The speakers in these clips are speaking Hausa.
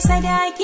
sadaki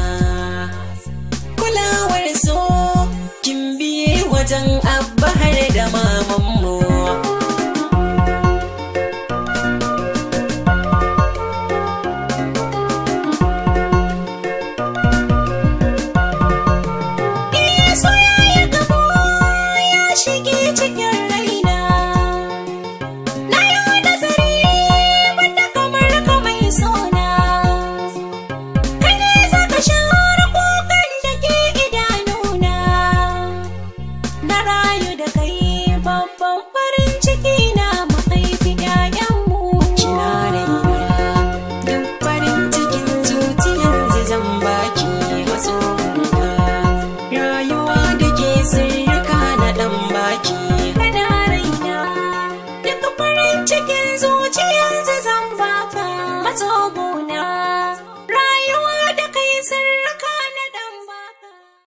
走过。